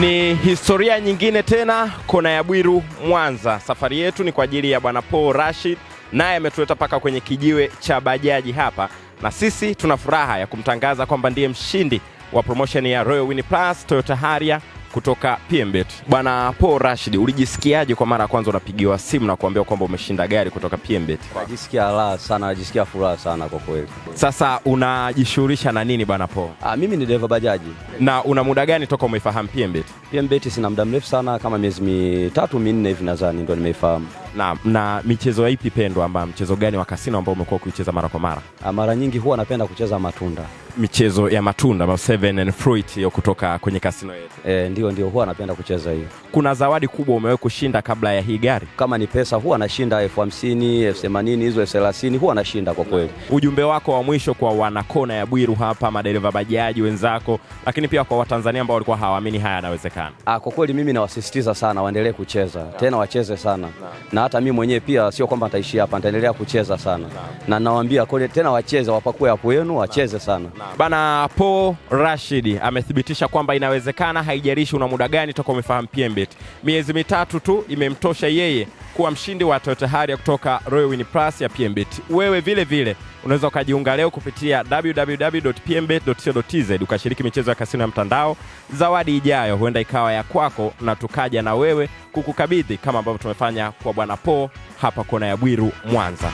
Ni historia nyingine tena kona ya Bwiru Mwanza. Safari yetu ni kwa ajili ya bwana Paul Rashid, naye ametuleta mpaka kwenye kijiwe cha bajaji hapa, na sisi tuna furaha ya kumtangaza kwamba ndiye mshindi wa promotion ya Royal Win Plus Toyota Harrier kutoka PMBet. Bwana po Rashid, ulijisikiaje kwa mara ya kwanza unapigiwa simu na kuambia kwamba umeshinda gari kutoka PMBet? Najisikia raha sana, najisikia furaha sana kwa kweli. Sasa unajishughulisha na nini bwana po Ah, mimi ni dereva bajaji. Na una muda gani toka umeifahamu PMBet? PMBet sina muda mrefu sana, kama miezi mitatu minne hivi nadhani ndo nimeifahamu. Na, na michezo ipi pendwa, ambayo mchezo gani wa kasino ambao umekuwa ukicheza mara kwa mara? Ah, mara nyingi huwa napenda kucheza matunda, michezo ya matunda ama seven and fruit hiyo kutoka kwenye kasino yetu. E, ndio ndio huwa napenda kucheza hiyo. Kuna zawadi kubwa umewahi kushinda kabla ya hii gari? Kama ni pesa huwa nashinda elfu hamsini elfu themanini hizo elfu thelathini huwa nashinda kwa kweli. Ujumbe wako wa mwisho kwa wanakona ya Bwiru hapa, madereva bajaji wenzako, lakini pia kwa Watanzania ambao walikuwa hawaamini haya yanawezekana? Ah, kwa kweli mimi nawasisitiza sana waendelee kucheza na tena wacheze sana na na hata mimi mwenyewe pia sio kwamba nitaishia hapa, nitaendelea kucheza sana na nawaambia kule tena wacheze, wapakue hapo yenu wacheze sana bana. Paul Rashid amethibitisha kwamba inawezekana, haijalishi una muda gani toka umefahamu PMbet. Miezi mitatu tu imemtosha yeye kuwa mshindi wa Toyota Harrier kutoka Royal Win Plus ya PMBet. Wewe vile vile unaweza ukajiunga leo kupitia www.pmbet.co.tz ukashiriki michezo ya kasino ya mtandao. Zawadi ijayo huenda ikawa ya kwako, na tukaja na wewe kukukabidhi kama ambavyo tumefanya kwa Bwana Po hapa kona ya Bwiru Mwanza.